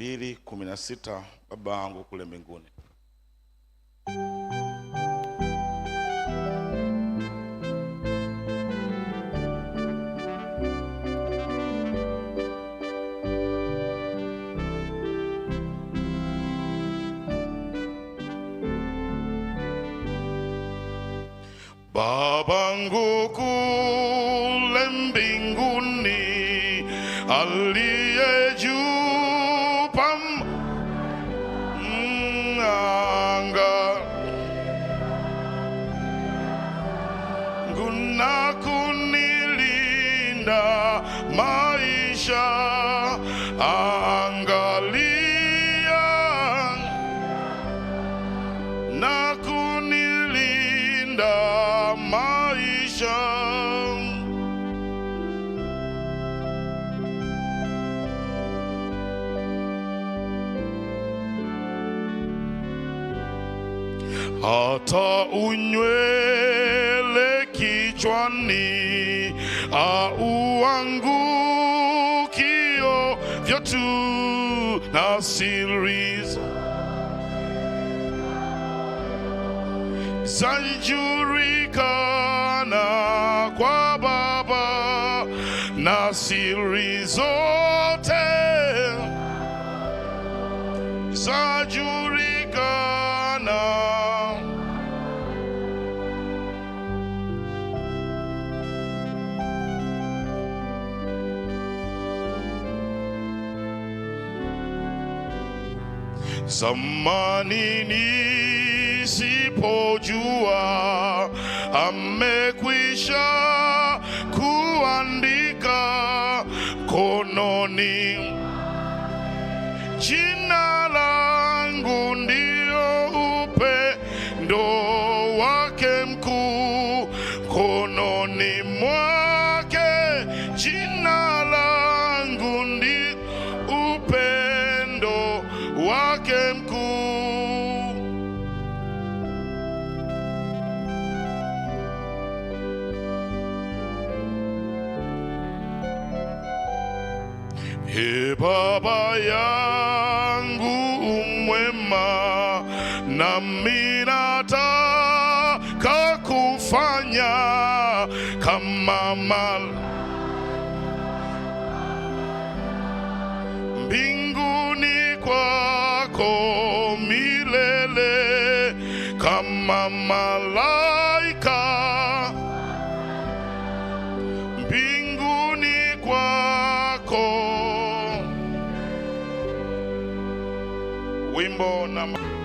mbili kumi na sita Baba yangu kule mbinguni. Babangu kule mbinguni ali kupenda maisha, angalia na kunilinda maisha, hata unywe kichwani au angukio vyotu na siri zanjulikana kwa Baba na siri zote zanjulikana zamani nisipojua amekwisha kuandika kononi jina langu ndio upendo wake mkuu Ee Baba yangu umwema, nami nataka kufanya kama malaika mbinguni kwako milele kama malaika Wimbo namba